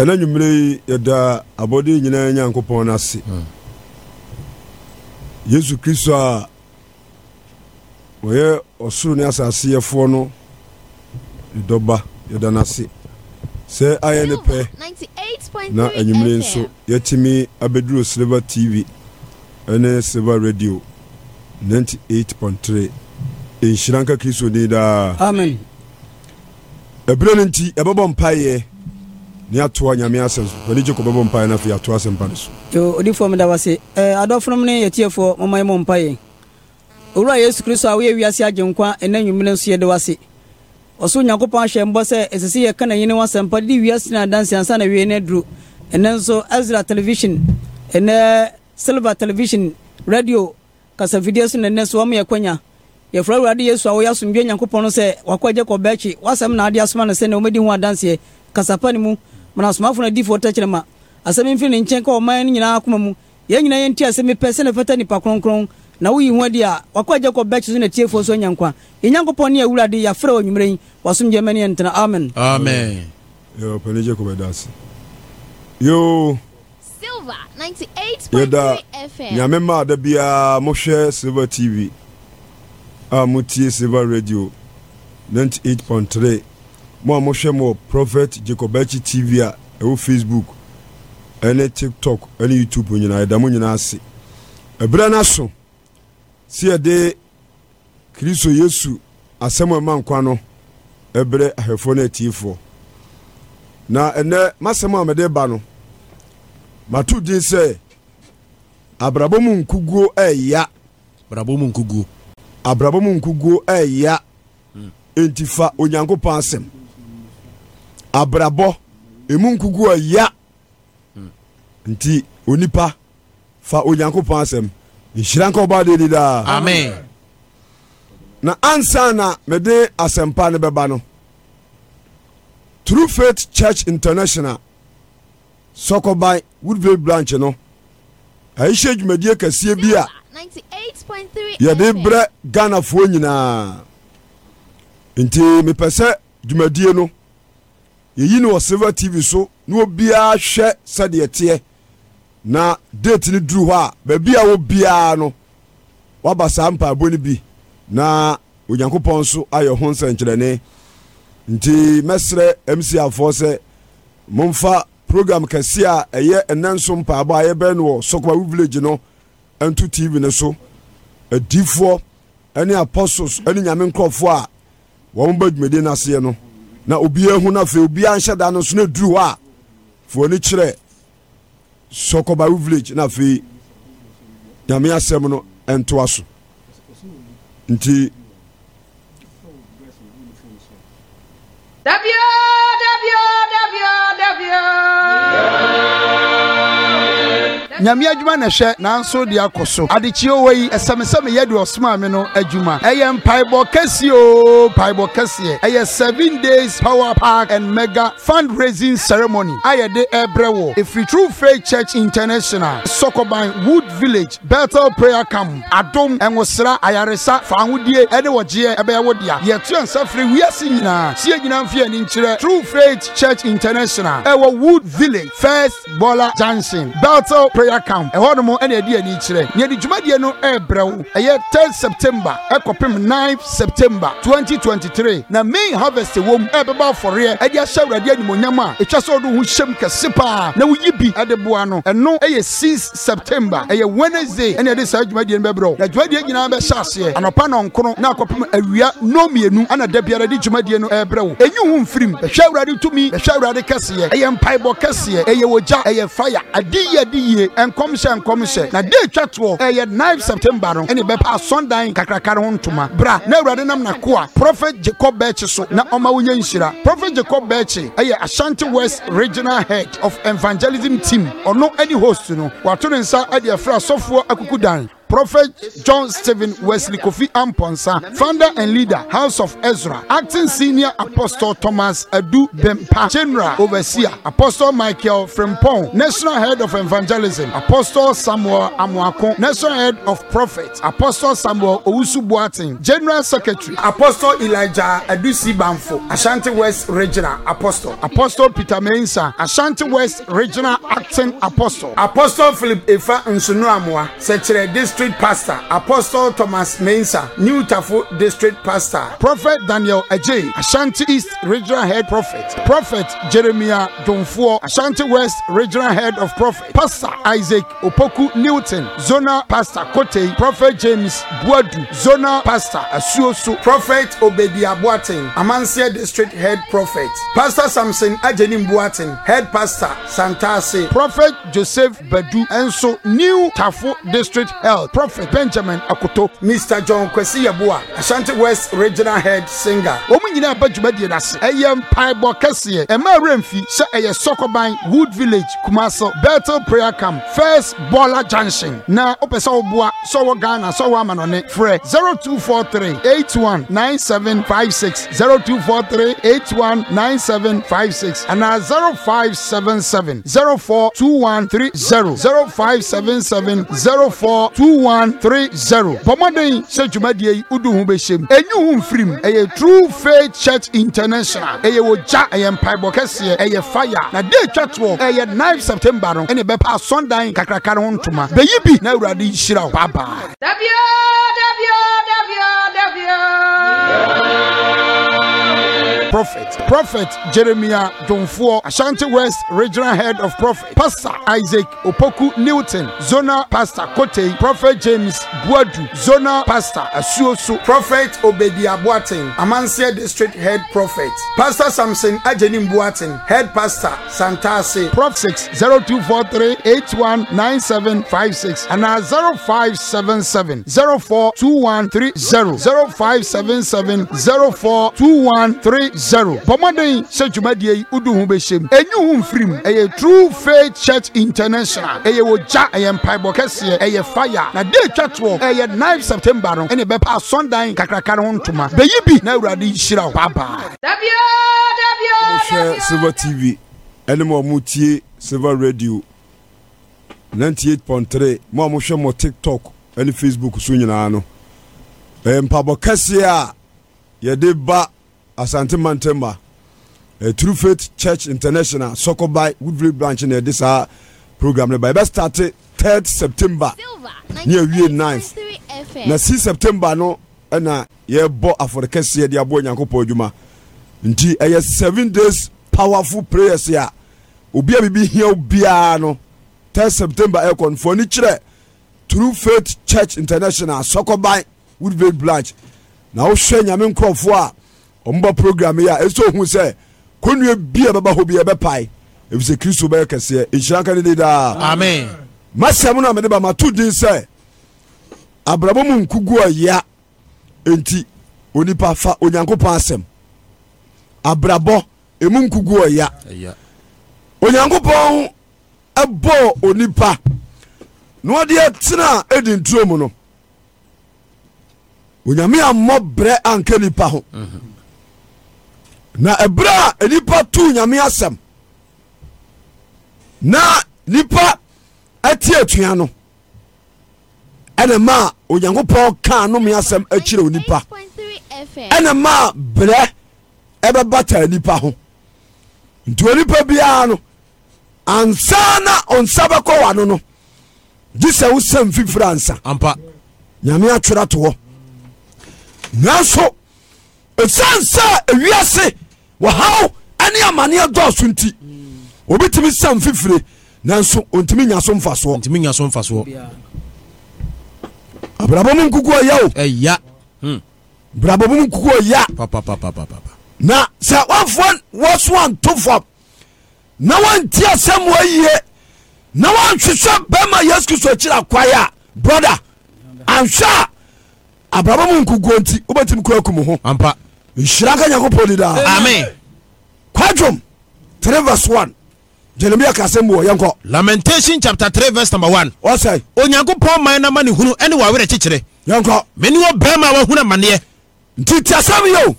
ɛna nwumere yi yɛda abɔde nyinaa nyankopɔn no ase hmm. yesu kristo a wɔyɛ ɔsoro ne asaseyɛfoɔ no dɔba yɛda no ase sɛ ayɛ ne pɛ na anwumere nso yɛtumi abɛduru silver tv ɛne silver radio 98.3 nhyira nka kristo din daa amen ɛberɛ no nti ɛbɛbɔ mpayɛ ne atoa ni asɛm so bani gye kɔbɛbɔ mpaeɛ no afei atoa asɛm pa no so odifoɔ meda wase eh, adɔfonom ne yɛtiefoɔ moma yɛ mɔ mpayɛ owura yesu kristo a woyɛ wiase agyenkwa ɛna nwumene nso yɛde wase ɔso onyankopɔn ahyɛ mbɔ sɛ ɛsɛ sɛ yɛka na yene wasɛmpa de wiase no adanse ansa na wiei no aduro ɛnɛ nso ezra television ɛnɛ silver television radio kasafidie so nɛnɛ so ɔma yɛkwanya yɛfrɛ awurade yesu a woyɛ asomdwe nyankopɔn no sɛ wakɔ agye kɔbɛakyi wasɛm na ade asoma no sɛ na ɔmɛdi ho adanseɛ kasapa ne mu mana asomafoɔ no adiifoɔ ta kyerɛ ma asɛm mfiri ne nkyɛn ka ɔman no nyinaa koma mu yɛn nyinaa yɛnti asɛm pɛ sɛ ne fata nipa kronkron na woyi ho adi a wakɔ agya kɔ bɛkye so na tiefoɔ so anya nkwa yɛnyankopɔn ne awurade yɛafrɛ wɔ nwummerɛ yi wasomgya ma ne yɛntena amen amen yɛpɛne gye kɔbɛda ase yo yɛda nyame maa da biaa mohwɛ silver tv a motie silver radio 98.3 mo a mohwɛ mu wɔ prophet jacobachi tv a ɛwɔ facebook ɛne tiktok ɛne youtube nyinaa ɛda mo nyinaa ase ɛberɛ no aso si yɛde kristo yesu asɛm a ɛma nkwa no ɛbrɛ ahwɛfoɔ no atiefoɔ na ɛnɛ masɛm a mede ba no mato din sɛ abrabɔ mu nkuguo ɛɛya abrabɔ mu nkuguo abrabɔ mu nkuguo ɛɛya enti hmm. fa onyankopɔn asɛm abrabɔ ɛmu nkuku ɔya nti onipa fa onyankopɔn asɛm nhyira nka ɔba de lida Amen. na ansana na mede asɛmpa no bɛba no true faith church international Soko by woodville branch no ɛyihyɛ dwumadie kɛseɛ bi a yɛde brɛ ghanafoɔ nyinaa nti mepɛ sɛ dwumadie no yɛyi no wɔ silver tv so na obiara hwɛ sɛdeɛ teɛ na date ni duru hɔ a baabi a wɔ biara no waba saa mpaabɔ no bi na onyankopɔn nso ayɛ ho nsɛnkyerɛnne nti mɛsrɛ mcafoɔ sɛ momfa program kɛseɛ a ɛyɛ ɛnɛ nso mpaabɔ a yɛbɛn no wɔ sɔkwawu village no nto tv no so adifoɔ ne apostles ne nyame nkurɔfoɔ a wɔn bɛ dwumadi no aseɛ no na obiaa hu no afei obiaa nhyɛ da no nso no hɔ a foɔni kyerɛ sɔkɔbawo village na afei nyame asɛm no ɛntoa so nti dabia nyame adwuma na ɛhyɛ nanso de akɔ so adekyeɛ wɔ yi ɛsɛmesɛme yɛ de ɔsoma me no adwuma ɛyɛ mpaebɔ kɛseɛ o mpaebɔ kɛseɛ ɛyɛ seven days power park and mega fundraising ceremony a yɛde ɛbrɛ wɔ ɛfiri true faith church international sɔkɔban wood village bethel prayer camp adom ɛnwosra ayaresa fahodie ɛne wɔgyeɛ ɛbɛyɛ wo dea yɛto nsa firi wiase nyinaa sie nyinaa mfe ani nkyerɛ true faith church international ɛwɔ wood village first bola Johnson. bethel prayer camp ɛhɔ nom ɛna ɛdi ani kyerɛ nea ɛde dwumadie no ɛrebrɛ wo ɛyɛ 10 september ɛkɔpem 9 september 2023 na main harvest wɔ mu ɛbɛba afɔreɛ ɛde ahyɛ awurade animonyam a ɛtwa sɛ ɔde ho hyɛm kɛse paa na woyi bi ɛde boa no ɛno ɛyɛ 6 september ɛyɛ wednesday ɛna ɛde saa dwumadie no bɛbrɛ wo na dwumadie nyinaa bɛhyɛ aseɛ anɔpa nɔnkoro na akɔpem awia nomienu ana da biara de dwumadie no ɛrebrɛ wo ɛnyi ho mfirim bɛhwɛ awurade tumi bɛhwɛ awurade kɛseɛ ɛyɛ mpaebɔ kɛseɛ ɛyɛ wɔgya ɛyɛ fire adi yie adi yie nkɔmhyɛ nkɔmhyɛ na de etwa toɔ ɛyɛ nine september no ɛna bɛpa asɔndan kakraka ho ntoma bra na awurade nam n'akoa prophet jacob bɛɛkye so na ɔma wonyɛ nhyira prophet jacob bɛɛkye ɛyɛ ashanti west regional head of evangelism team ɔno ɛne host no wato ne nsa ɛde ɛfra asɔfoɔ akuku dan Prophet John Stephen Wesley Kofi Amponsa, founder and leader, House of Ezra, acting senior apostle Thomas Adu Bempa, general overseer, Apostle Michael Frimpong, national head of evangelism, Apostle Samuel Amwakon, national head of prophets, Apostle Samuel Owusu Boatin, general secretary, Apostle Elijah Adusi Bamfo, Ashanti West regional apostle, Apostle Peter Mensa, Ashanti West regional acting apostle, Apostle Philip Efa Nsunuamwa, Secretary District district pastor apostle thomas mensa new tafo district pastor prophet daniel ajay ashanti east regional head prophet prophet jeremiah donfuo ashanti west regional head of prophet pastor isaac opoku newton zonal pastor kote prophet james buadu zonal pastor asuosu prophet obedi abuaten amansia district head prophet pastor samson ajeni buaten head pastor santase prophet joseph bedu enso new tafo district health. Health, Prophet Benjamin Akoto, Mr. John Kwesi Yabua, Ashanti West Regional Head Singer. Wɔn nyinaa bɛ dwumadie n'ase. Ɛyɛ mpaebɔ kɛseɛ. Ɛmaa Renfi sɛ ɛyɛ Sɔkɔban Wood Village Kumaso Bethel Prayer Camp First Bɔla Junction. Na o pɛ sɛ o bua sɛ ɔwɔ Ghana sɛ ɔwɔ Amanɔne frɛ zero two four three eight one nine seven five six zero two four three eight one nine seven five six ana zero five seven seven zero four two one three zero zero five seven seven zero four two two one three zero bɔmɔden sɛ dwumadie yi udu ho bɛ hyɛm enyi ho nfirim ɛyɛ true faith church international ɛyɛ wɔ gya ɛyɛ mpaebɔ kɛseɛ ɛyɛ fire na de etwa toɔ ɛyɛ nine september no ɛna ɛbɛpa asɔndan kakraka ho ntoma bɛyi bi na awurade nhyira wo baabaa. dabio dabio dabio dabio. Yeah prophet prophet jeremiah jonfoɔ ashanti west regional head of prophet pastor isaac opoku newton Zona pastor kotei prophet james buadu Zona pastor asuoso prophet obedi abuaten Amansia district head prophet pastor samson Ajenim buaten head pastor santase prof six zero two four three eight one nine seven five six and na zero five seven seven zero four two one three zero zero five seven seven zero four two one three zero bɔmmɔden sɛ dwumadie yi wodu ho bɛhyɛ mu ɛnyi ho mfirim ɛyɛ true faith church international ɛyɛ wɔ gya ɛyɛ mpaebɔ kɛseɛ ɛyɛ fire na day atwa toɔ ɛyɛ nine september no ɛne bɛpa asɔndan kakraka no ho ntoma bɛyi bi na awurade nhyira wo baabaa mohwɛ silver tv ɛne mo ɔmotie silver radio Ninety eight point 98.3 Mo ɔmohwɛ mo tiktok ɛne facebook so nyinaa no ɛyɛ mpabɔ kɛseɛ a yɛde ba asante mantema uh, eh, true faith church international sɔkɔbae woodville branch na ɛde saa program no ba yɛbɛstarte 3rd september ne awie 9 na 6 september no ɛna yɛbɔ afɔrekɛseɛ de aboa onyankopɔn adwuma nti ɛyɛ seven days powerful prayers a obi a biribi hia wo biara no 3 september ɛkɔ mfoni kyerɛ true faith church international sɔkɔbae woodville branch na wohwɛ nyame nkurɔfoɔ a ɔmbɔ program yi a ɛsɛ ohun sɛ kɔnnua bia bɛba hɔ bi ɛbɛpae ɛfisɛ kristo bɛyɛ kɛseɛ nhyira ne de amen masɛm no a mede ba mato din sɛ abrabɔ mu nkugu ɔya enti onipa fa onyankopɔn asɛm abrabɔ ɛmu nkugu ɔya onyankopɔn ɛbɔɔ onipa na ɔde ɛtena a nturo mu no onyame ammɔ brɛ anka nipa ho mm -hmm. na ebra a tu tu nyame na nipa ati atua no ɛne maa onyankopɔn kaa nome asɛm akyirɛ onipa enema maa berɛ ɛbɛbataa nipa ho nti onipa biara no ansa na ɔnsa bɛkɔ wa no no gye sɛ wo ansa nyame atwerɛ to hɔ nanso wɔhaw ɛne amanneɛ dɔɔso nti obi tumi sam fifire nanso ɔntumi nya so mfasoɔ ntumi nya so mfasoɔ abrabɔ mu nkuku ɛyɛ o ɛya hmm. abrabɔ mu nkuku ɛya papapapapa na sɛ wɔnfoɔ wɔso anto fam na wɔnti asɛm wɔyie na wɔnhwehwɛ bɛrima yesu kristo kyerɛ kwae a brɔda anhwɛ a abrabɔ mu nkukuo nti wobɛtumi kura akum ho ampa nhyira nka nyankopɔn di daa amen kwadwom 3 vs 1 jeremia kasɛ mu wɔ yɛnkɔ lamentation chapter 3 verse number 1 ɔsɛe onyankopɔn man na ma ne hunu ɛne wawerɛ kyekyere yɛnkɔ mene wɔ bɛrima a wahunu amanneɛ nti tiasɛm yo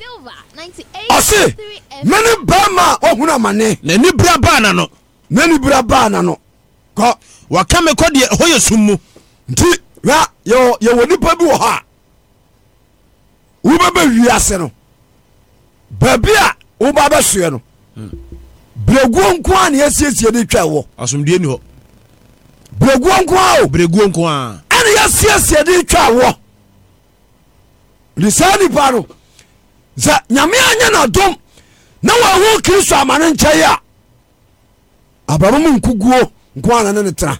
ɔse mene bɛrima a wahunu amanneɛ n'ani bra baa na no n'ani bra baa na no kɔ waka me kɔ deɛ ɛhɔ yɛ sum mu nti ra yɛwɔ nipa bi wɔ hɔ a wobɛbɛ wiase no baabi a woba bɛsoɛ no hmm. berɛguo nko a ne yɛsiesie de twa wɔ asomdue ni hɔ berɛguo nko a o berɛguo nko a ɛne yɛsiesie de twa wɔ de nipa no sɛ nyame anyɛ nadom na wahu kristo amane nkyɛe a abama mu nkoguo nko ana ne ne tena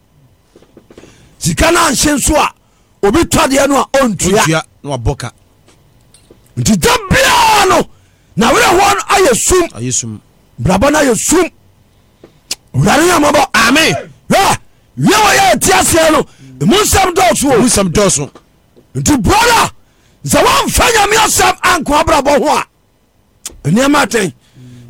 sika na anhye nso a obi tɔdeɛ no a ɔntua nti da biaa no na werɛhoɔ no ayɛ sum brabɔ no ayɛ sum wurade nyamabɔ ame hwɛ wie wɔyɛ ɛti aseɛ no mu nsɛm dɔɔso dɔɔso nti brɔda sɛ wɔmfa nyame asɛm ankoa brabɔ ho a nneɛma ten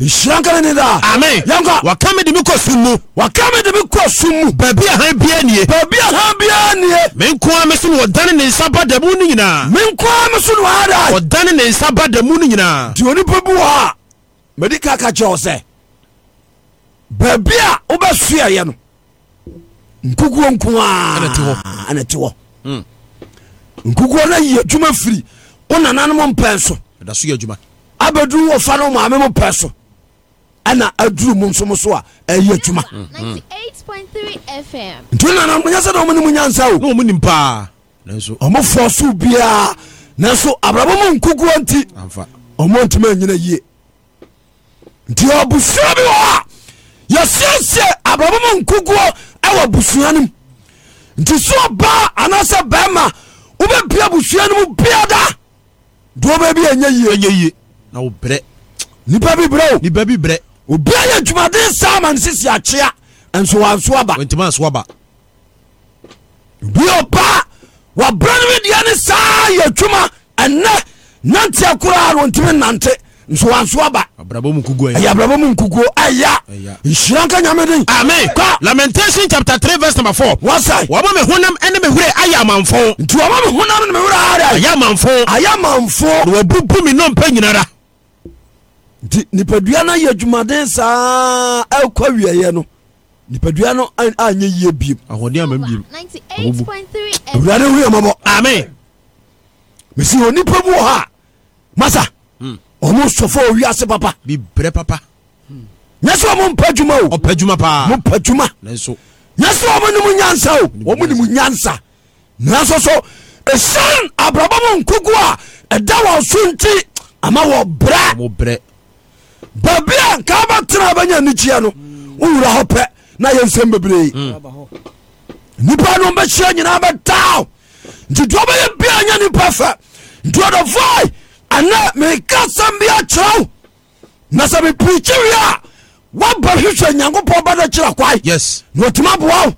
nhyira nka ne daa amen yɛnka wɔka me de me kɔ sum mu wɔka me de me kɔ sum mu baabi a han bia nie baabi a han bia nie me nko a me so ne wɔdane ne nsa ba da mu no nyinaa me nko a me so ne wɔada wɔdane ne nsa ba da mu no nyinaa nti onipa bi wɔ a mede ka ka kyerɛ wo sɛ baabi a wobɛsuaeɛ no nkukuo nko a ɛne te hɔ nkukuo no ayi adwuma firi wo nananom mpɛn so abɛduru wɔ fa no maame mo pɛ so ɛna aduru mu nsom so a ɛyɛ adwuma hmm, hmm. nti nana monyɛ sɛ dɛ ɔmo ne mu nyansa o ɔmo nim paa ɔmo fɔ so biaa nanso abrabɔ mu nkukuo nti ɔmo ntumi anyina yie nti ɔbusua bi wɔ a yɛsiesie abrabɔ mu nkukuo ɛwɔ busua no mu nti so ɔbaa anaasɛ bɛrima wobɛpia busua no mu bia da deɛ wobɛbi ɛnyɛ yie nipa bi brɛ o nipa bi brɛ obia yɛ adwumaden saa ma no sisi akyea nso wanso aba obia ɔbaa wabra no medeɛ ne saa yɛ adwuma ɛnɛ nante koraa no ɔntimi nante nso wanso aba ɛyɛ abrabɔ mu nkukuo ɛya nhyira nka nyame den amen lamentation chapter 3 verse number 4 wasai wɔma me honam ne me werɛ ayɛ amanfo nti wɔma me honam ne me werɛ ayɛ amanfo ayɛ amanfo na wɔbubu me nɔmpa nyinara nti nipadua no yɛ adwumaden saa ɛkɔ wieɛ no nipadua no anyɛ yie biem awurade hu yɛmɔbɔ amen mesi wɔ nipa bi wɔ hɔ a masa hmm. ɔmo sɔfo owi ase papa bibrɛ papa hmm. nyɛ sɛ ɔmo mpa adwuma o ɔpa adwuma paa mopɛ adwuma nyɛ sɛ ɔmo ne mu nyansa o ɔmo ne mu nyansa nanso so ɛsian abrabɔ mo nkogu a ɛda wɔ so nti ama wɔ brɛ babia nka bɛtera bɛnya nikyia no wura hɔ pɛ na yɛnsɛm bebree nipa no bɛhyia nyinaa bɛtaw nti doɔ bɛyɛ bia nya nipa fɛ ntuɔdɔfoi ɛnɛ meka sɛm bi akyerɛw na sɛ mepirikyi wie a woaba hwehwɛ nyankopɔn bɛdɛ kyerɛ kwae na ɔtumi aboa wo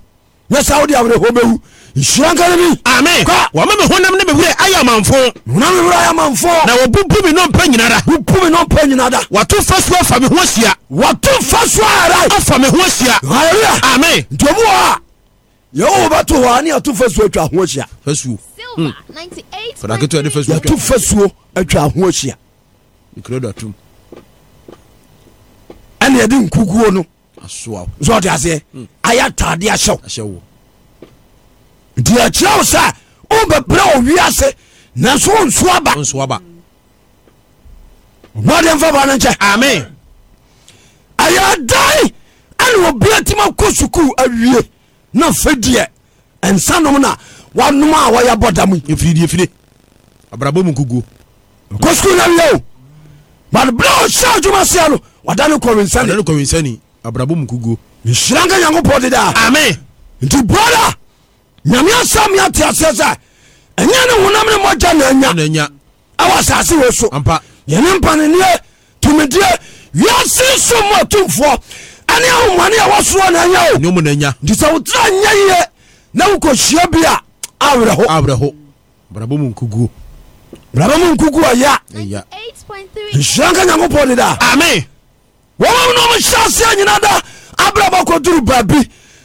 nyɛ saa wode awerɛhɔ bɛwu nhyira bi amen kɔ wɔma me honam ne mewerɛ ayɛ amanfo honam mewerɛ ayɛ amanfo na wɔbubu me nɔmpa nyina da bubu me nɔmpa nyina da wato fa so afa me ho ahyia wato fa so ara afa me ho ahyia halleluya amen nti ɔmu wɔ a yɛwɔ wɔbɛto hɔ a ne yɛto fa suo atwa ho ahyia fasuo yɛto fa suo hmm. atwa ho ahyia ɛne yɛde nkukuo no so ɔde aseɛ hmm. ayɛ nti ɛkyerɛ wo sɛ wobɛprɛ owiase nanso wonsoa ba ɔmɔde no nkyɛ amen ɛyɛ dan ɛne obia tim akɔ sukuu awie na fɛ deɛ ɛnsa nom na wanom a wɔyɛ bɔ da mu ɛfiridifire abrabɔ mu kuguo kɔ sukuu no awie o but berɛ ɔhyɛ adwuma seɛ no wada no kɔwensane kɔwensani abrabɔ mu kuguo nhyira nka nyankopɔn dedaa amen nti brɔda nyame asɛm yɛte aseɛ sɛ ɛnyɛ ne honam ne mmɔgya na anya ɛwɔ asase wɔ so yɛne mpaneneɛ tumideɛ wiase so mu atumfoɔ ɛne ahomane a wɔsoɔ na anya o nti sɛ wotera nyɛ yie na wokɔhyia bi a awerɛho brabɔ mu nkuguo ɛya nhyira nka nyankopɔn ne daa ame wɔma nom hyɛ aseɛ nyina da abrabɔ kɔduru baabi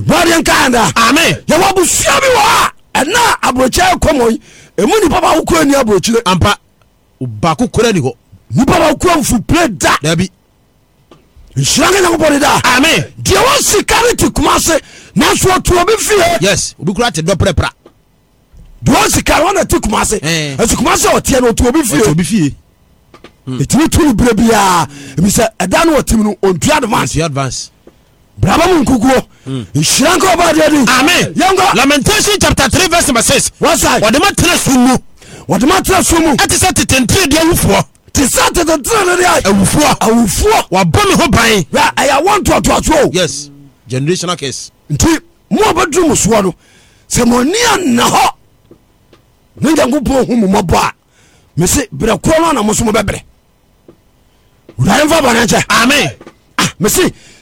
bɔde nkaada ame yɛwɔ abusua bi wɔ a ɛna aburokyerɛ kɔmɔ ɛmu nipa baako kura ni aburokyerɛ ampa baako kura ni hɔ nipa baako kura nfupire da dabi nhyira nka nyankopɔn de da ame deɛ wɔ sika ne te kuma ase nanso ɔto obi fie yes obi kura te dɔ prɛpra deɛ wɔ sika no ɔna te kuma eh. ase ɛso kuma ase ɔteɛ no ɔto obi fie ɔto obi fie ɛtumi to no berɛ biaa ɛbi sɛ ɛda no wɔtim no ɔntua advance Brabamu mu nkukuo nhyira hmm. nka ɔba adeɛ din amen lamentation chapter three verse number six wɔsae wɔde ma tena so mu wɔde ma tena so mu ɛte sɛ tetentire deɛ awufoɔ te sɛ tetentire no deɛ awufoɔ awufoɔ wɔabɔ me ho ban ɛ ɛyɛ wɔ ntoatoasoɔ o yes generational case nti mo a bɛduru mu soɔ no sɛ mo ani anna hɔ ne nyankopɔn hu mu mmɔbɔ a mese berɛ korɔ no ana mo so mobɛbrɛ wurade mfa bɔne nkyɛ amen ah, mese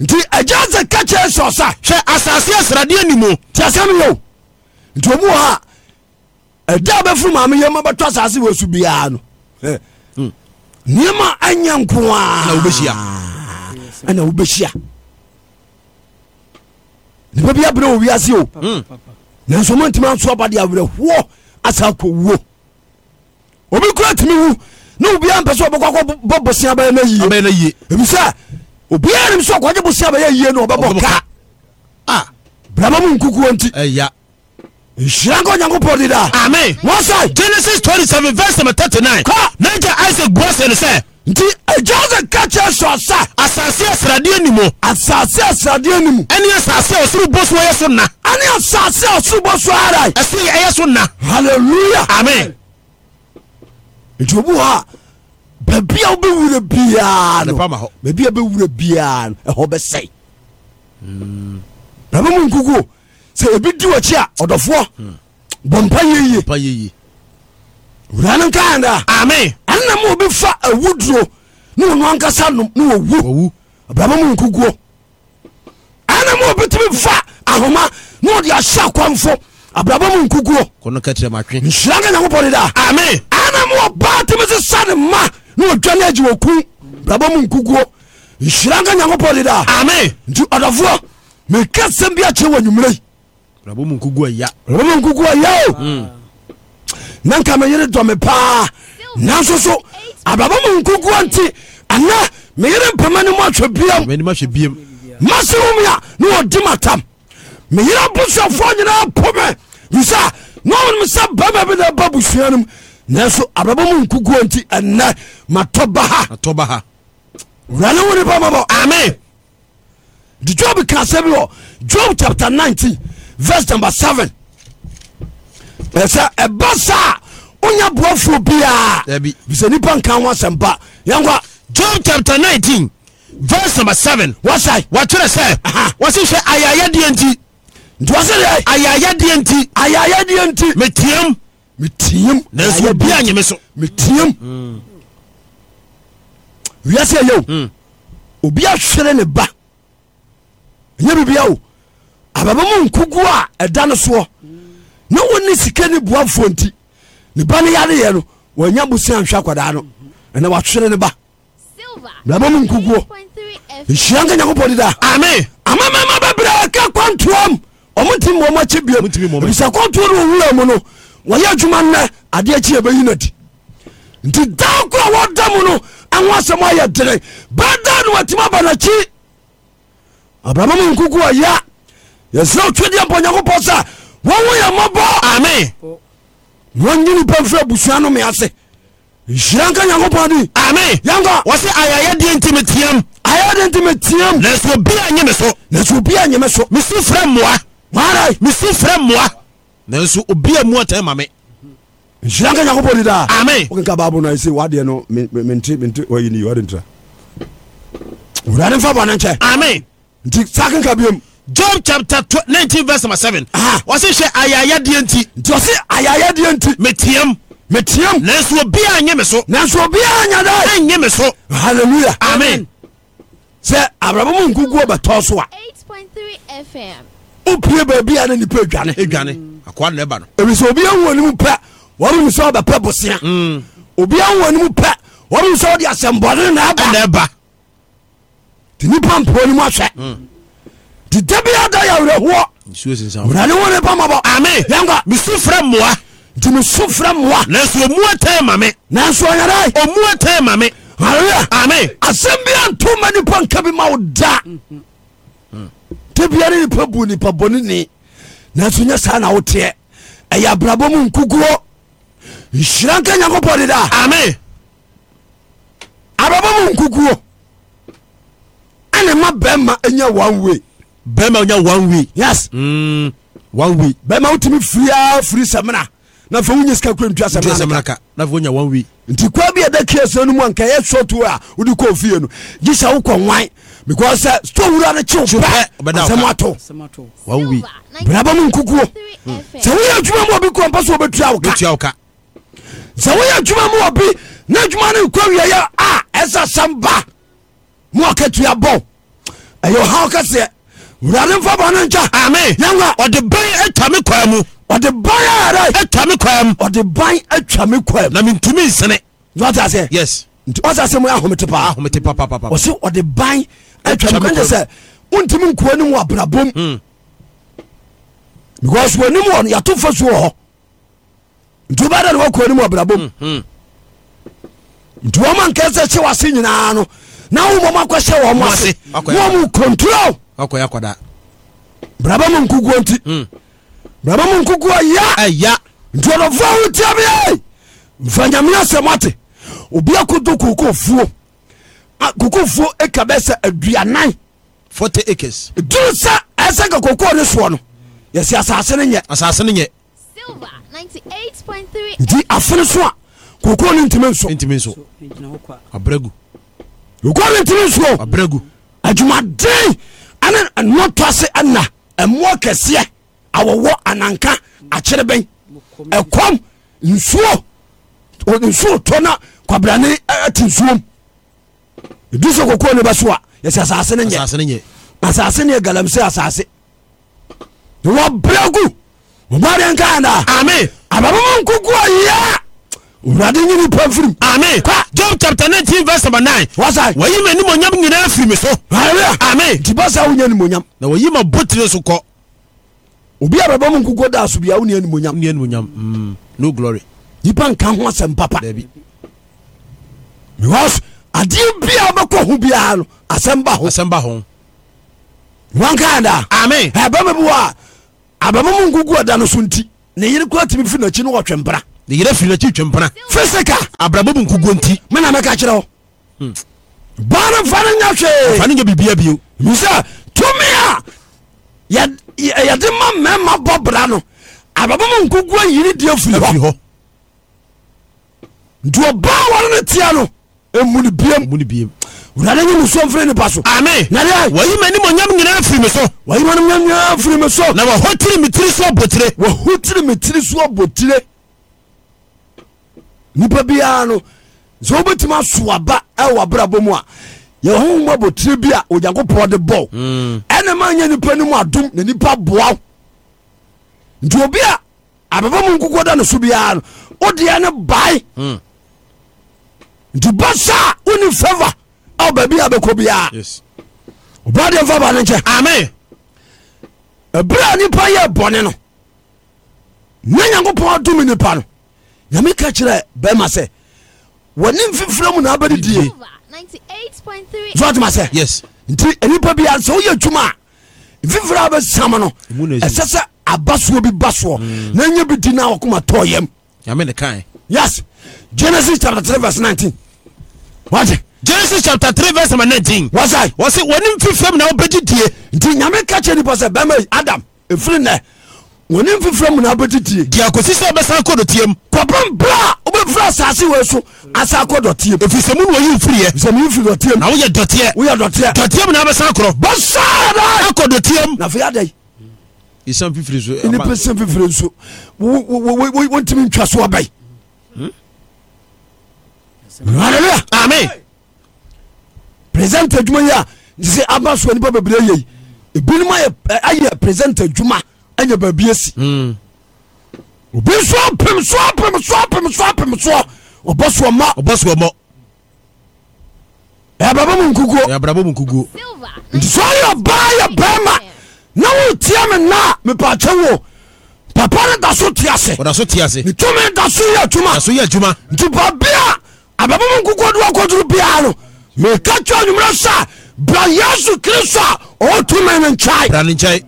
nti agya se ka kyerɛ sɛ sa hwɛ asase asradeɛ ni mu nti asɛm yo nti ɔmu hɔ a ɛda bɛfuru maame yɛma bɛtɔ asase wɔ so biara no hmm. nneɛma anyɛ nko a ɛna wobɛhyia nipa bi abrɛ wɔ wiase o hmm. nanso mantimi anso aba de awerɛhoɔ asa akɔwuo obi kora tumi wu na obiaa mpɛ sɛ ɔbɛkɔkɔ bɔ bosea bɛyɛ no yie ebisɛ obiara nim sɛ ɔkɔgye bosia bɛyɛ yie no ɔbɛbɔ ka ah. brama mu nkukuo nti nhyira nka onyankopɔn de daa amen wɔn sɛ genesis twenty seven verse number thirty nine ka na agya isaac bua sɛ no nti agya eh, sɛ ka kyerɛ sɛ ɔsa asase asradeɛ ni mu asase asradeɛ ni mu ɛne asase a ɔsoro bɔ so ɛyɛ so nna ɛne asase a ɔsoro bɔ so ara ɛse ɛyɛ so nna hallelujah amen nti obi hɔ baabia wobɛwura biaa no baabia bɛwura biaa no ɛhɔ bɛsɛe na bɛmu nkukuo sɛ ebi di wɔkyi a ɔdɔfoɔ bɔ mpa yɛyie wura no nkaa daa ame ɛne na ma obi fa awuduro ne wɔno ankasa nom ne wɔwu braba mu nkukuo ɛne ma obi tumi fa ahoma ne ɔde ahyɛ akwamfo abraba mu nkukuo nhyira nka nyankopɔn ne daa ame ɛne ma ɔbaa tumi sesa ne ma ne ɔdwane agye wɔkui brabɔ mu nkukuo nhyira nka nyankopɔn dedaa ame nti ɔdɔfoɔ meka sɛm bi akyerɛ wɔ anwummerɛ brabɔ mu nkukuo ya o mm. na nka meyere dɔ me paa nanso so abrabɔ mu nkukuo nti ana meyere mpama no mu ahwɛ biam mase wo me a ne wɔdi matam meyere abosuafoɔ nyinaa po me bisa na ɔmenem sɛ bama bi na ba busua no nanso abrabɔ mu nkukuo nti ɛnɛ matɔ ba ha wurane wo nipa mabɔ amen nti job ka sɛ bi wɔ job chapter 19 verse number seven. ɛsɛ ɛba saa wonya boafoɔ biaa bisɛ nipa nka ho asɛm ba yɛnkwa job chapter 19 verse number 7 wasae wɔtwerɛ sɛ wɔse hwɛ ayayɛdeɛ nti nti wɔsɛ ayayɛdeɛ nti ayayɛdeɛ nti metiam metiam nanso obi anyeme so metiam wiase ɛyɛ o hmm. obi ahwere ne ba ɛnyɛ biribia o ababa mu nkugu a ɛda no soɔ na wone sika ne boafoɔ nti ne ba no yareyɛ no wanya busua nhwɛ akwadaa no ɛna watwere ne ba baba mu nkuguo nhyira nka nyankopɔn dida ame amamama bɛbrɛ ka kwantoam ɔmo ntimi wɔmɔkye biom ebisa kwantoɔ no wɔwura mu no waye juma ne adkiybeyindi nt akowmu awseyeraat bankibaamkopyak yeni pfresanase anke yak nanso obi a mu ɔtɛn ma me nhyira nka nyankopɔn ni daa amen wokenka bible no ɛsɛ wadeɛ no mente mente wayi ni wade ntra wurade mfa bɔne nkyɛ amen nti saa kenka biom job chapter nineteen, verse number seven. 7 wɔse hwɛ ayayadeɛ nti nti ɔse ayayadeɛ nti meteam meteam nanso obiaa nyɛ me so nanso obiaa nya da ɛnyɛ me so Hallelujah. amen sɛ abrabɔ mu nkukuo bɛtɔ so a wopie baabi a na nipa adwane adwane akoa mm. na ɛba no ɛfisɛ obi awu anim pɛ wɔrem sɛ ɔbɛpɛ bosea obi awu anim pɛ wɔrem sɛ wode asɛmbɔne na ɛba nti nipa mpɛ anim ahwɛ mm. nti da bia da yɛ awerɛhoɔwurade wo ne pamabɔ ame yɛnka mesu frɛ mmoa nti mesu frɛ mmoa nanso ɔmua tan ma me nanso ɔnyɛdɛ ɔmua tan ma me halleluya amen asɛm bia nto ma nipa nka ma wo da mm-hmm. da bia ne nipa bu nipa bɔne ne nanso nyɛ saa na woteɛ ɛyɛ abrabɔ mu nkukuo nhyira nka nyankopɔn dedaa ame abrabɔ mu nkukuo ɛne ma bɛrima ɛnya wanwe way bɛrima nya one yes mm, one way bɛrima wotumi firia firi sɛmina na afei wonya sika na kura wonya wanwi nti kwa bi ɛda kiasɛ no mu anka ɛyɛ sɔto a wode kɔ fie no gye sɛ wokɔ wan because sɛ stowura no kyew pɛsɛm ato braba mu nkukuo sɛ woyɛ adwuma ma ɔbi kɔmpa sɛ wobɛtua wo ka sɛ woyɛ adwuma mu obi na adwuma no nkɔ wieyɛ a ɛsɛ sɛm ba ma ɔka tua bɔn ɛyɛ ɔhaw kɛseɛ wurade mfa bɔ no nkyɛ ame yɛwa ɔde bɛn atame kwaa mu ɔde ban ara atwa me kwam ɔde ban atwa me kwam na mentumi nsene nti ɔte aseɛ yes nti ɔte aseɛ mu yɛ ahomete paa ahomete papapapa ɔse ɔde ban atwa me kwam ɛnte sɛ wontumi nkuo ne mu abrabom hmm. because w'anim wɔ yɛto fa suo wɔ hɔ nti wobɛda ne wokuo ne mu abrabom hmm, hmm. nti wɔma nkɛ sɛ hyɛ wase nyinaa no na womɔm akɔhyɛ wɔ m ase wɔ mu kontrol brabɔ mu nkuguo nti braba mu nkuku ɛya nti ɔdɔfo a wotia biyɛ mfa nyame asɛm ate obia kodo kokofuo kokofuo eka bɛsɛ aduanan 40 acres duru sɛ ɛsɛ ka kokoɔ ne soɔ no yɛsi asase no nyɛ asase no nyɛ nti afene so a kokoɔ no ntimi nso ntimi nso abregu kokoɔ no ntimi nso abregu adwumaden ane nɔtɔ ase ana ɛmoɔ kɛseɛ oanaka acire beekomso tona kobrane atisom eduse kokunebaswa ee asasase nee galamse asase raaena obi a bɛbɔ mu nkukuo da so bia wo ne animonyam ne animonyam mm, no glory nipa nka ho asɛm papa because adeɛ bia wobɛkɔ ho biara no asɛm ba ho asɛm ba ho wankaa daa amen ɛbɛma bi wɔ a abɛbɔ mu nkukuo da no so nti ne yere kora tumi firi n'akyi no wɔtwe mpra ne yere firi n'akyi twe mpra fisika abrabɔ mu nkukuo nti mena mɛka kyerɛ wo hmm. bɔne fa no nya hwee fa no nya bibia bio misɛ tumi yɛde ma mmarima bɔ bra no ababama nkokoa yiri deɛ firi hɔ nti ɔbaa wɔre no teɛ no ɛmune biam wurade nye musuo mfiri nipa so ame nade wayi m'anim onyam nyinaa firi me so wayi m'anim onyam nyinaa firi me so na wɔhɔ tiri me tiri so abotire wɔhɔ tiri me tiri so abotire nipa biara no sɛ wobɛtumi asoaba ɛwɔ abrabɔ mu a yɛhohoma bɔtire bi a onyankopɔn de bɔ hmm. ɛne ma nyɛ nipa no mu adom na nipa boa wo nti obi a abɛbɔ mu nkokɔ da no so biara no wodeɛ ne bae hmm. nti ba saa woni fava a baabi a bɛkɔ biara ɔba deɛ mfa ba no nkyɛ ame ɛberɛ a nipa yɛ bɔne no na nyankopɔn adome nipa no nyame ka kyerɛ bɛma sɛ wɔne mfifira mu na abɛde sotoma sɛ nti anipa eh, bia sɛ woyɛ adwuma a mfifiri a bɛsam no ɛsɛ sɛ aba bi ba soɔ mm. na nya bi di no a wɔkoma tɔ yam yes genesis chapter three verse nineteen. wate genesis chapter 3 verse 19 wasae wɔse wɔne mfifam na wobɛgye die nti nyame ka kyɛ nipa sɛ bɛma adam ɛfiri nɛ wɔne mfifira mu na bɛtitie deɛ akosi sɛ ɔbɛsan kɔ dɔteɛm kɔpem bra wobɛfira asase wɔ so asa kɔ dɔteɛm ɛfiri sɛ mu ne wɔyi mfiriɛ sɛ meyi mfiri dɔteɛm na woyɛ dɔteɛ woyɛ dɔteɛ dɔteɛm na wobɛsan korɔ bɔsaada akɔ dɔteɛm na afei adɛn ɛsiam fifiri so nnipa siam fifiri nso wontimi ntwa so ɔbɛi halleluya amen present adwuma yi a nti sɛ aba soa nnipa bebree yei ebinom ayɛ present adwuma aya babisiobiso pemnt soyba yɛ baima na tia mena mepakya papa no daso teasedntbai abrab m nkuo kduru biar no mekatwa aummra sa bra yesu kristoa ɔɔtum no n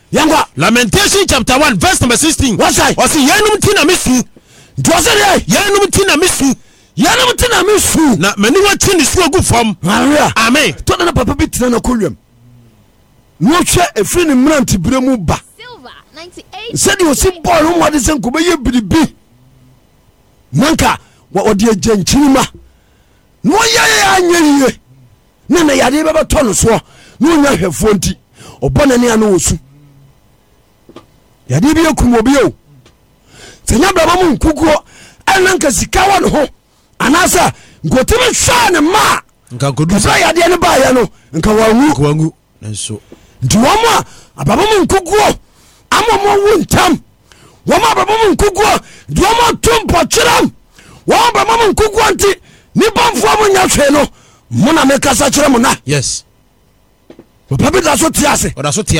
yanga. lamentation chapter one verse number sixteen. wọ́n sáyé. ọ̀sìn yẹnum tí na mi sùn. jọ́sẹ̀ dẹ́. yẹnum tí na mi sùn. yẹnum tí na mi sùn. na mẹ ni wọ́n ti ni sùn ogun fam. hallelujah amen. tó nana papa bi na n'akó wíwẹ̀m. wọ́n hwẹ́ efiri ni mìrántì bire mu ba. sẹ́ni o si bọ́ọ̀lù wọn de sẹ́ nkùbẹ́ yẹ biribi. nanka ọ̀dì ẹ̀jẹ̀ nkyinima. wọ́n yẹ yẹ anyẹ yie. nana yàrá yẹ bẹ bẹ tọ́ ni soɔ. n'o nya hwɛ fo nti ɔbɔ nani ano wɔ su yɛde bi akum obi o sɛ nya brabɔ mu nkukuo ɛna nka sika wɔ ne ho anaasɛ nkotimi hwɛɛ ne ma a ɛsɛ yɛdeɛ no baayɛ no nka wangu nti wɔm a abrabɔ mu nkukuo amɔmɔ wu ntam wɔm abrabɔ mu nkukuo de wɔm to mpɔkyerɛm wɔm abrabɔ mu nkukuo nti nipamfoɔ mu nya hwee no mo na mekasa kyerɛ mo na yes papa bi da so te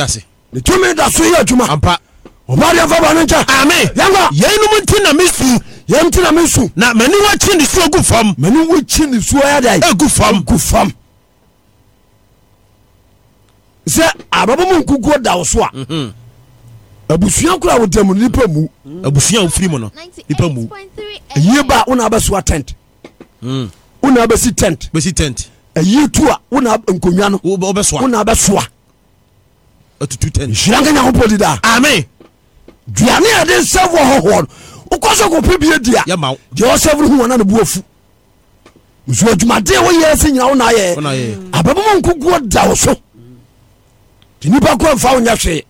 ase ne tumi da so yɛ adwuma ɔbaadeɛ fa bɔne nkyɛ ame yɛnkɔ yeinom nti na mesu yɛm nti na mesu na m'ani wakyi ne suo gu fam m'ani wakyi ne suo yɛdae ɛgu fam gu fam sɛ ababa nkukuo da wo so a mhm. abusua kora wotam nipa mu abusua wofiri mu no nipa mu ɛyie ba wona bɛsoa tent mm. wona bɛsi tent bɛsi tent ɛyie tu a nkonnwa no wona bɛsoa atutu tent nhyira nka nyankopɔn di daa amen duane ade nsɛvo hɔhoɔ no wokɔ sɛ kɔpɛ bie dua deɛ ɔsɛvoro hu wɔna ne bo afu nso adwumadeɛ woyɛ sɛ nyina wo naayɛ abɛbɔma nkoguɔ da wo so nti nnipa kɔ mfa wo nyɛ hwee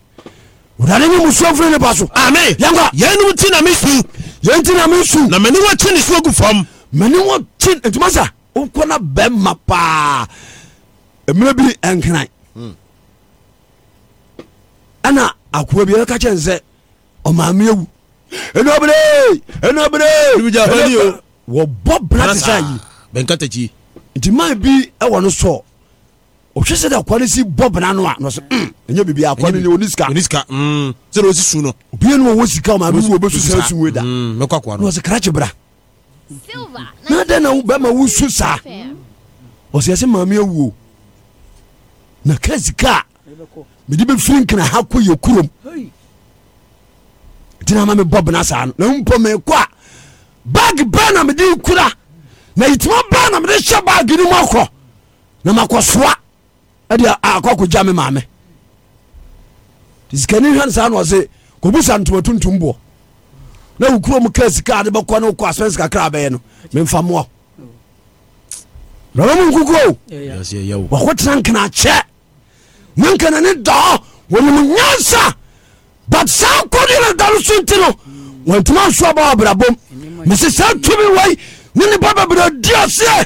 wurade ne musuafiri ne ba so ame yɛnka yɛnom ti na mesu yɛnti na mesu na mani wɔkye ne so agu fam mani wɔkye ntuma sa wokɔ na bɛma paa mmerɛ bi ɛnkran hmm. ɛna akoa bi ɛka kyɛ n ɔmaame awu ɛnobere ɛnobere wɔbɔ bra te sɛ yi nti ma bi ɛwɔ no soɔ ohwɛ sɛ dɛ akwa no si bɔ bena no a na ɔsɛ ɛnyɛ biribi akwa no ɔni sika sɛde ɔsi su no obia no wɔwɔ sika ɔma bɛmu wɔbɛsu saa su wei da na ɔsɛ krakye bra na dɛn na bɛma wosu saa ɔsɛ ɛsɛ maame awuo na ka sika a mede bɛfiri nkena ha kɔ yɛ kurom ntinama mebɔ bena saa no na mpo meko a bag ba na mede kura na yitima ba na mede hyɛ bag no mu akɔ na makɔ soa ade akɔkogya me maame sikani hwɛ no saa na ɔse kɔbu sa ntoma tuntum boɔ na wokuro mu ka sika de bɛkɔ ne wokɔ aspense kakra bɛyɛ no memfa mmoa brɛma mu nkukuo wɔko tena nkena kyɛ ne nkana ne dɔɔ wɔnom nyansa but saa nkɔdeɛ nadare so nti no wantuma nso aba abrabom mese saa tumi wei ne nipa bebrɛ di aseɛ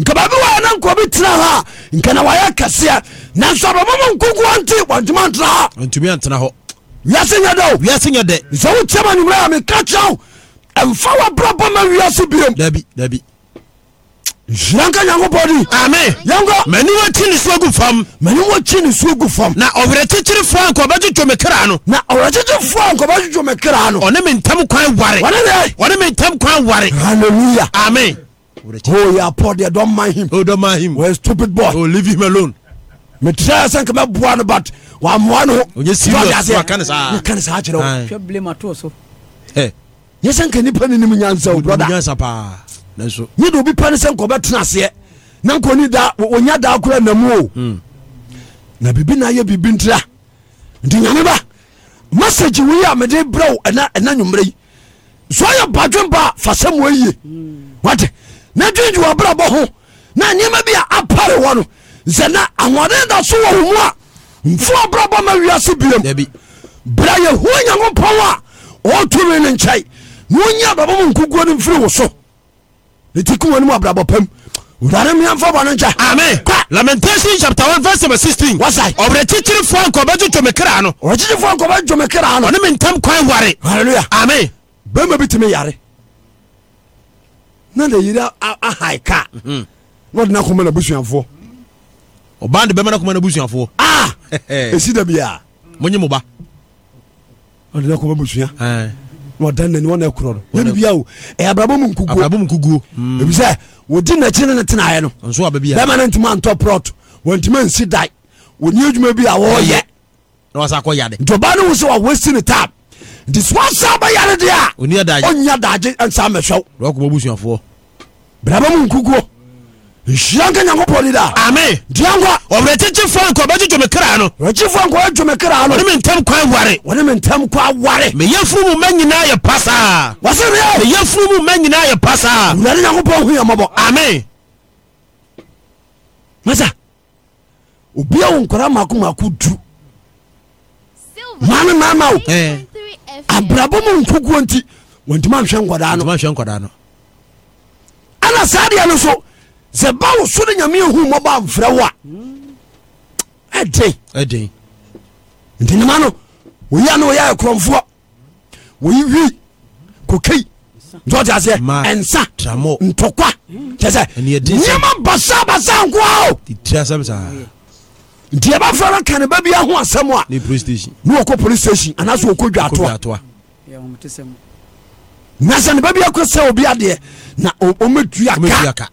nka baabi wɔyɛ na nkɔ bi tena ha nka na wɔyɛ kɛseɛ nanso abamama anti nti wantuma ntena ha ntumi antena hɔ wiase nyɛ dɛ o wiase nyɛ dɛ nsɛ wotiama anwummerɛ a meka kyerɛ wo ɛmfa wabrabɔ ma wiase biom dabi dabi nhyira nka nyankopɔn di ame yɛnkɔ m'ani wɔkyi ne so agu fam m'ani wɔkyi ne so agu fam na ɔwerɛ kyekyerefoɔ a nkɔbɛgyetwo me kra no na ɔwerɛkyekyefoɔ a nkɔbɛgyetwo me kra no ɔne me ntam kwan ware ɔne dɛ ɔne me ntam kwan ware hallelujah amen oh yeah paul there don't mind him oh don't mind him well stupid boy oh leave him alone metrɛ sɛ nka mɛboa no but wamoa no hoyɛkane saa kyerɛ wo nyɛ sɛ nka nipa no nim nyansa wo brɔda nanso yíyí obi pẹ́ ni sẹ́ nkọ́ bẹ́ tún aseɛ na nkọ́ ni da wònyá da akora mu o hmm. na bibi na ayɛ bibi ntira nti nyame ba message wo yi a mede brɛ wo ɛna ɛna nwummerɛ yi so ayɛ badwemba a fa sɛ mo hmm. wate na dwigye wɔbrabɔ ho na nneɛma bi a apare wɔ no sɛ na ahoɔden da so wɔ wo mu a mfo abrabɔ ma wiase biam bra yɛhoa nyankopɔn a ɔtumi no nkyɛe na ɔnya ababɔ mu nkoguo no mfiri wo so nti kí wọn mu abrabọ pẹm wúdàrí mi ànfọ bọ ní nkyẹn. ami lamentation chapter one verse number sixteen. wasaɛ. ɔbɛrɛ titiri fɔ nkɔbɛ tó jɔnmi kiri àná. ɔbɛrɛ titiri fɔ nkɔbɛ jɔnmi kiri àná. ɔni mi n tɛm kwan wari. hallelujah. ami. bɛnbɛn bi tɛmɛ yari na mhm. de yiri aha ka. n'o de na kun bɛ na busuyanfo. o ban de bɛɛ mana kun bɛ na busuyanfo. aa esi dabi ya. mo nye mo ba. o de na kun bɛ busuyan ɔda nani wɔna ɛkorɔ no yɛne bia o ɛyɛ abrabɔ mu nkuguo mu nkuguo ebisɛ mm. wodi n'akyi ne ne tenaeɛ no bɛma no ntimi antɔ prɔt wɔntimi ansi dae wɔni adwuma bi a wɔyɛ nti ɔba no wo sɛ wawasi ne tab nti soasa bɛyare deɛ a ɔnya dagye ansa mɛhwɛw brabɔ mu nkuguo nhyira nka nyankopɔn nida ame duankwa ɔwerɛ kyekyefoɔ nka ɔbɛgyegyo me kra no ɔkyekyefoɔ nka ɔbɛgyegyo me kra no ɔne me ntam kwa aware ɔne me ntam kwa aware meyafuru mu ma nyinaa yɛ pa saa wɔse meyafuru mu ma nyinaa yɛ pa saa wurade nyankopɔn ho yɛ mmɔbɔ ame masa obia wo nkɔra maako maako du ma ne wo eh. abrabɔ mu nkokuo nti wɔntimi anhwɛ nkɔdaa no ana saa deɛ no so sɛ ba wo so no nyame ahu mmɔbɔ amfrɛ wo a ɛden nti nema no woyia ne woyɛ korɔmfoɔ woyi wi kokei nti ɔte aseɛ ɛnsa ntɔkwa kyɛ sɛ nneɛma basabasa nkoa o nti yɛbɛfrɛ no ka ne ba bia asɛm a ne wɔkɔ police station anaasɛ wɔkɔ dwaatoa na sɛ ne ba bia kɔ sɛ obi adeɛ na ɔmɛtua ka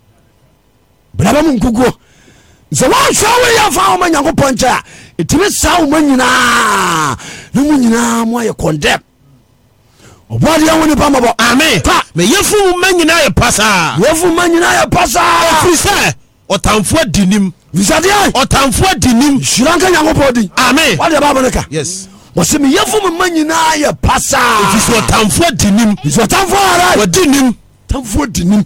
braba mu nkukuo sɛ woanhwɛ woyɛ fa woma nyankopɔn nkyɛ a ɛtumi saa woma nyinaa ne mu nyinaa mo ayɛ kɔndɛm ɔboadeɛ wo nipa mɔbɔ ame meyɛfo ma nyinaa yɛ pasaa yɛfo ma nyinaa yɛ pasaa ɛfiri sɛ ɔtamfoɔ di nim fisadeɛ ɔtamfoɔ di nim hyira nka nyankopɔn din ame wadeɛ baba no ka yes wɔsɛ meyɛfo me ma nyinaa yɛ pasaa ɛfiri sɛ ɔtamfoɔ di nim ɛfiri sɛ ɔtamfoɔ ara wɔdi nim tamfoɔ di nim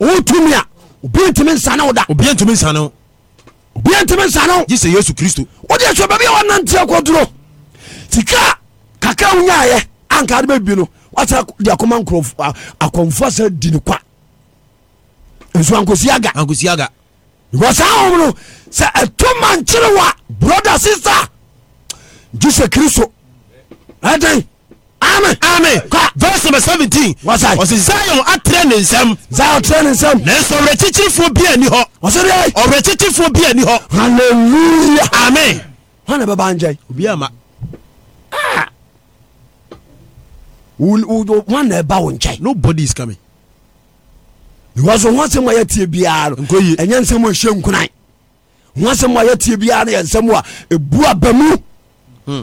wotumi a obi ntumi nsane wo da obiɛ ntumi nsane wo obi ntumi nsane wo gye sɛ yesu kristo wode so baabi a wɔnanteɛ kɔ duro sika kaka wo nyaayɛ anka de bɛbi no wasa de akoma akɔmfo asa di ne kwa nso ankosi aga ankosi aga because saa wɔn no sɛ ɛto ma nkyere wa broda sista gye kristo ɛdɛn ami ami kɔ verse number seventeen wasa ɔsi zion atrɛ ne nsɛm zion atrɛ ne nsɛm nanso ɔrɛ kyikyirifo bi ani hɔ ɔsi de ɔrɛ kyikyirifo bi ani hɔ hallelujah ami wọn na bɛ ban jɛ obi a ma wọn na ba wọn nkyɛn nobody is coming wɔso wọn sɛ mo ayɛ tie biara nkoyi ɛnyɛ nsɛm a ɛhyɛ nkunan wọn sɛ mo ayɛ tie biara yɛ nsɛm a ebu abamu. Hmm.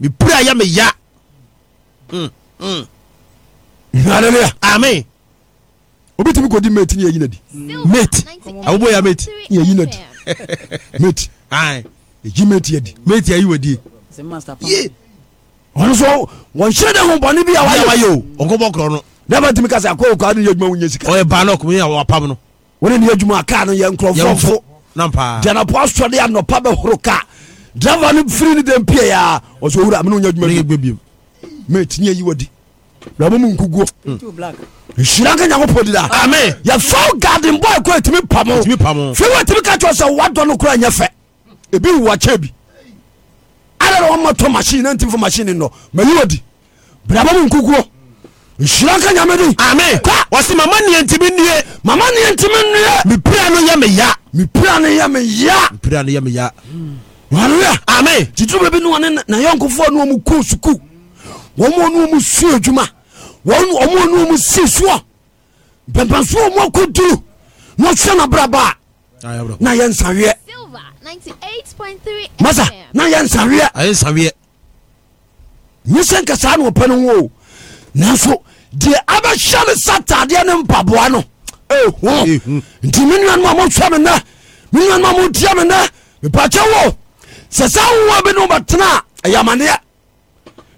mepira yɛ meya mm, mm. mm, hallelujah amen obi tumi kò di mate ni yɛ yi na di mate awobo ya mate ni yɛ yi na di mate eyi mate yɛ di mate yɛ yi wa di ye wọn nso wọn nhyɛn de ho bɔnni bi a wayɛ wayɛ o ɔnkɔbɔ kɔrɔ no dɛbɛ tumi kasa akɔ okɔ adi ni yɛ adwuma wunyɛ sika ɔyɛ baa n'ɔkùnrin yɛ wɔ apam no wọn ni yɛ adwuma kaa no yɛ nkurɔfo fo diɛnapo asɔde anɔpa bɛ horo kaa driver no firi no dɛm pie a ɔsɛ owura mene wonya adwuma metinya yi wadi brabɔ mu nkuguo mm. nhyira nka nyankopɔn dida yɛfa garden boy kɔ atumi pamo fei watumi ka kyerɛ sɛ woadɔ no kora nyɛ fɛ ebi wowɔ kyɛ bi ada na wɔma tɔ machine na ntim fo machine nnɔ mayi wadi brabɔ mu nkuguo nhyira nka nyame de ame wɔse mama neɛ ntimi nnue mama neɛ ntimi nnue mepira no yɛ meya mepira no yɛ meya mepira no yɛ meya mm hallelujah amen titiri bɛbi ni wɔn na yɔnkofoɔ ni wɔn mu kó sukuu wɔn mu ni wɔn mu su adwuma wɔn mu ni wɔn mu si soɔ mpɛmpɛnsoɔ wɔn akɔ duru na ɔhyɛ na braba na yɛ nsaweɛ masa na yɛ nsaweɛ ayɛ nsaweɛ nyesɛ nkasaa na ɔpɛ no ho nanso deɛ abɛhyɛ ne sa taadeɛ ne mpaboa no ɛho eh, nti me nuanom a mohwɛ me nnɛ me nuanom a motia me nnɛ mepakyɛ wo Sasa saa wowa bi ne wobɛtena a ɛyɛ amaneɛ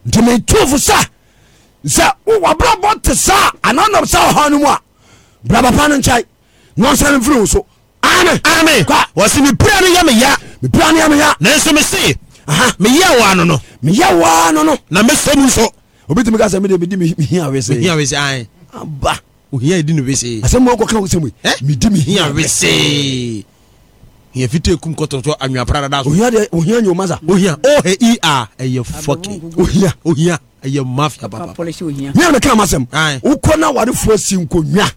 nti metofo sa sɛ wabrabɔ te saa ananam sa ɔha no mu a braba pa no nkyɛe na ɔnsane mfiri wo so ame ame wɔse mepira no yɛ meya mepira no yɛ meya nanso mese meyɛ wɔ ano no meyɛ wɔ ano no na mesɛ mu nso obitumi ka sɛ mede medi mehia wesee aba ohia ɛdi no wesee asɛm ma wokɔka wo sɛ mu eh? medi mehia wesee yɛ fita ekum kɔtɔtɔ anwia prada da so. ohia de ohia nye o maza. ohia o oh, h e ɛyɛ e, fɔki ohia ohia ɛyɛ e, mafia papa. ní ɛna kan ma sɛm. wokɔ na wari fo si nkonwa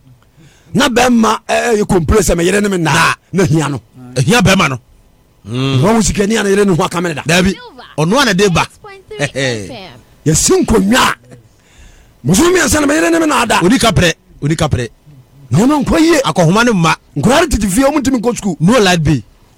na bɛrima ɛɛ kɔmpire sɛmɛ yɛrɛ ne mi na na hia no. ehia bɛrima no. Hmm. wọn wusi ni yana yɛrɛ ni hu akamɛ da. dabi ɔnua na de ba. yɛsi nkonwa muso miɛnsa na bɛ yɛrɛ ne mi na da. oni ka pɛrɛ oni ka pɛrɛ. nɔnɔ nkɔ yie. ni ma. nkɔla de titi fiye o ti mi ko sukuu. n'o la bi.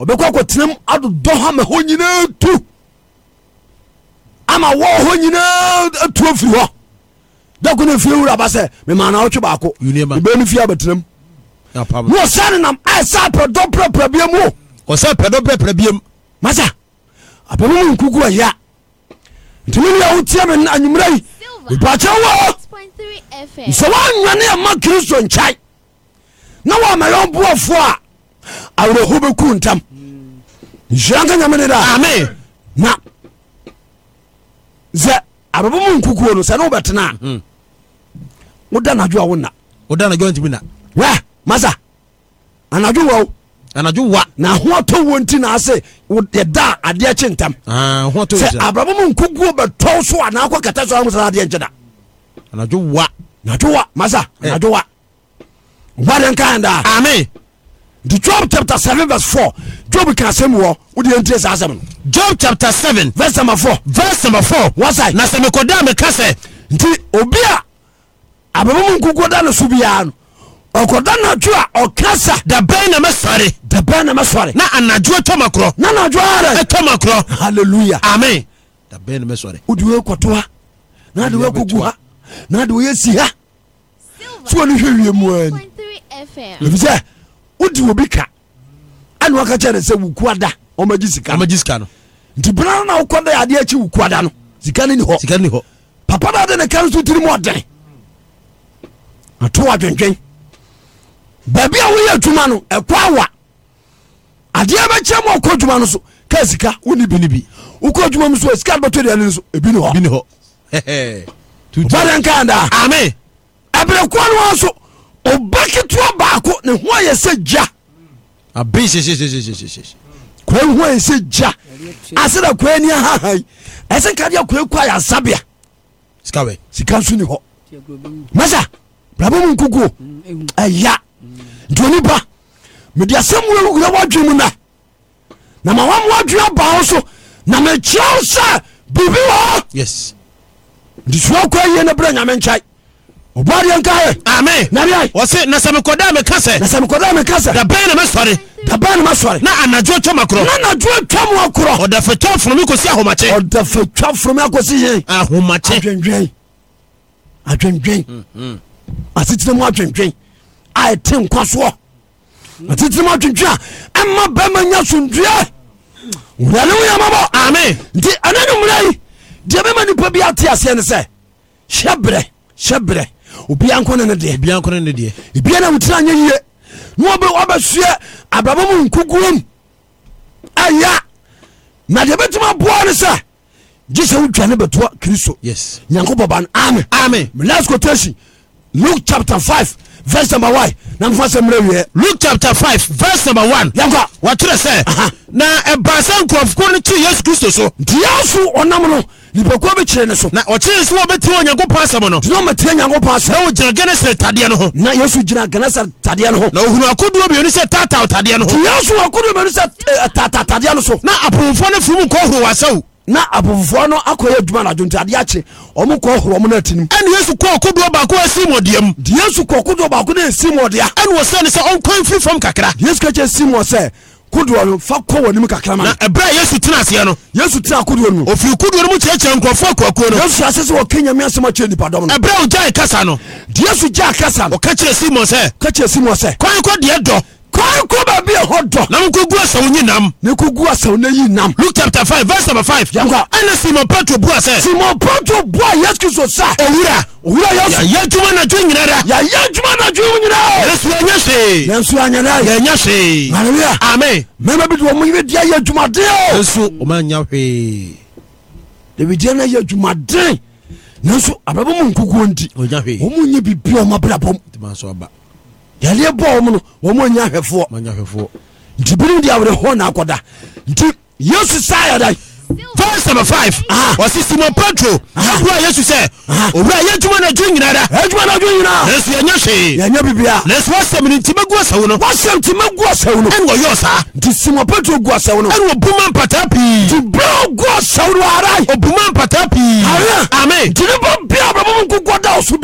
ɔbɛkɔ akɔtenam adodɔ ha ma hɔ nyinaa tu ama wɔ hɔ nyinaa atuo firi hɔ dako ne fie wura ba sɛ memaana wotwe baako ebɛ no fie abɛtenam na ɔsɛ ne nam ɛsɛ apɛdɔ prɛprɛ bia mu ɔsɛ pɛdɔ prɛprɛ bia mu masa apɛmu mu nkuku ayia nti wo nea wotie me anwummerɛ yi mepakyɛ wɔ sɛ woanwane ama kristo nkyɛe na wɔamayɔmboafoɔ a awerɛho bɛku ntam nhyira nka nyame ne daa ame na sɛ abɛbɔ mu nkukuo no sɛ ne wobɛtena a woda anadwo a wona woda anadwo ntimi na wɛ masa anadwo wɔ anadwo wa na ho atɔ wo nti na ase yɛda adeɛ kye ntam sɛ abrabɔ mu nkukuo bɛtɔw so anaakɔ kɛtɛ so amusana adeɛ nkyɛ da ah, anadwo wa anadwo eh. wa masa anadwo wa ɔbɔ adeɛ daa ame nti job chapter seven verse four job kan asɛm wɔ wode yɛntie saa asɛm no job chapter seven verse number four verse number four wasae na sɛ mekɔda a meka sɛ nti obi a abɛma mu nkokɔ da no so biara no ɔkɔda nadwo a ɔka sa dabɛn na mɛsɔre dabɛn na mɛsɔre na anadwoɔ tɔma korɔ na nadwo ara ɛtɔma korɔ Hallelujah. amen dabɛn na mɛsɔre wode wei kɔto ha na de woakɔgu ha na de woyɛ si ha sɛ wɔne hwɛ wie mu ani wodi obi ka ɛne waka kyɛ ne sɛ wokuada ɔmagye sika ɔmagye sika no nti bra no na wokɔda yɛ adeɛ akyi wokuada no sika no ni hɔ sika no ni hɔ papa no ade ne ka so tiri mu ɔdene ato adwendwen baabi a woyɛ adwuma no ɛkɔ awa adeɛ bɛkyɛ mu ɔkɔ adwuma no so ka sika woni bi ne bi wokɔ adwuma mu so sika no bɛtɔ deɛ ne no so ebi ne hɔ bi ne hɔ bɔdɛ nkaa daa ame ɛbrɛ kɔ so ɔba ketewa baako ne ho ayɛ sɛ gya abe hyehyɛhyɛhyɛhyɛ kwa ho ayɛ sɛ gya ase na kwa ani ahahai ɛsɛ nkadeɛ kwa kɔ ayɛ asabea sikawe sika nso ni hɔ masa brabɔ mu nkukuo ɛya nti onipa mede asɛm wura woadwe mu na na ma wam woadwe aba wo so na mekyerɛ wo sɛ biribi wɔ nti sua kɔ yie no berɛ nyame nkyɛe ɔbɔdeɛ nkae ame nadeɛ wɔse na meka sɛ na meka sɛ dabɛn na mɛsɔre dabɛn na mɛsɔre na anadwo atwa ma na anadwo atwa mu akorɔ ɔdafatwa forome kɔsi ahomakye ɔdafatwa forome akɔsi yɛn ahomakye adwendwen adwendwen asetena mu adwendwen a ɛte nkwa soɔ asetena mu adwendwen a ɛma bɛma nya somdua wurane woyɛ mabɔ ame nti ɛne no yi deɛ bɛma nipa bi ate aseɛ ne sɛ hyɛ berɛ hyɛ berɛ obia nkone ne deɛ ebia na wotira nyɛ yie na wabɛsuɛ abrabɔ mu nkuguom aya na deɛ bɛtumi aboa ne sɛ gye sɛ wodwane bɛtoa kristo nyankopɔn ba no ame ame last quotation luke chapter 5 verse number 1 na mfa sɛ mmerɛ wieɛ luke chapter 5 verse number 1 yɛnkɔ wɔkyerɛ sɛ na ɛbaa sɛ nkurɔfokuo no kyee yesu kristo so nti so ɔnam no nipakuo bi kyerɛ ne so na ɔkyerɛ so wɔbɛtie onyankopɔn asɛm no sɛ ɔmatie nyankopɔn asɛm na wɔgyina genesaret tadeɛ no ho na yesu gyina genesaret tadeɛ no ho na ɔhunu akodoɔ mmienu sɛ tataw tadeɛ no ho yesu akodoɔ mmienu sɛ eh, tata tadeɛ no so na apomfoɔ no firi kɔhoro wɔ asɛw na apofofoɔ no akɔyɛ adwuma no adwontadeɛ akye ɔmo kɔ horo ɔmo no atinim ɛne yesu kɔ kodoɔ baako asi mu ɔdeɛ mu yesu kɔ kodoɔ baako no asi mu ɔdea ɛne wɔsɛ ne sɛ ɔnkɔn firi fam kakra yesu ka kyɛ si mu sɛ kodoɔ no fa kɔ wɔ nim kakrama na ɛberɛ yesu tena aseɛ no yesu tena kodoɔ no mu ɔfiri kodoɔ no mu kyerɛkyerɛ nkurɔfoɔ akuakuo no yesu ase sɛ wɔka nyame asɛm akyerɛ nipadɔm no ɛberɛ ɔgyae kasa no deɛ yesu gyae kasa no ɔka kyerɛ simon sɛ ka kyerɛ simon sɛ kwan kɔ deɛ dɔ kwan hɔ dɔ. na nkɔ gu asaw nyi nam. na nkɔ gu asaw na yi nam. luke chapter five verse number five. yankwa ɛna simon petro bu asɛ. simon petro bu a yesu kristo sa. owura owura yesu. yàyà juma na ju nyina dɛ. yàyà juma na ju nyina. yesu anya se. yesu anya dɛ. yɛnya se. hallelujah amen. mɛmɛ bi di wɔn mu yi bɛ di ayɛ jumaden o. yesu o ma nya hwee. dabi diɛ na yɛ jumaden nanso abɛbɔ mu nkukuo nti. o nya hwee. wɔn mu nye bibi ɔmo abirabɔ mu yadeɛ bɔ ɔm no wɔm anya hwɛfoɔ nti binom de awerɛhɔ na akɔda nti yesu saa yɛda verse number five ɔsi simon petro ewura yesu sɛ owura yɛ adwuma na adwo nyina da adwuma na adwo nyina nanso yɛnyɛ hwee yɛnyɛ bibia nanso wasɛm no nti magu asɛw no wasɛm nti magu asɛw no ɛne wɔyɛ ɔsaa nti simon petro gu asɛw no ɛne wɔbuma mpataa pii nti berɛ ɔgu asɛw no ara ɔbuma mpataa pii amen nti nipa bia brɛbɔ mu nkokɔ da ɔso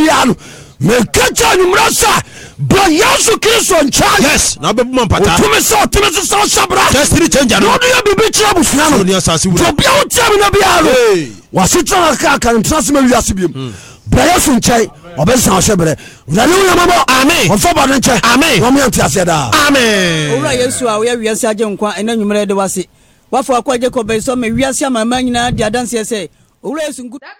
bra yesu kristo nkyɛn yes na bɛ bɔ mpata otumi sɛ otumi sisa ɔsabra tɛsiri kyɛnja no n'o dun yɛ bibi kyerɛ busua no tɔbiya o tiɲɛ mi na bi yà lò w'asitura ka kan ntina sima wi asi bi mu hmm. bra yesu nkyɛn ɔbɛ sisan ɔhyɛ bɛrɛ wulali wo yamabɔ ami ɔfɔ bɔ ne nkyɛn ami wɔn mi yɛn ti aseɛ daa ami. owurɔ yesu a oyɛ wiase agye nkwa ɛnɛ nwumire de wase wafɔ akɔ agye kɔbɛ sɔmi wiase amama nyinaa di adanseɛ sɛ owurɔ yesu nkuta.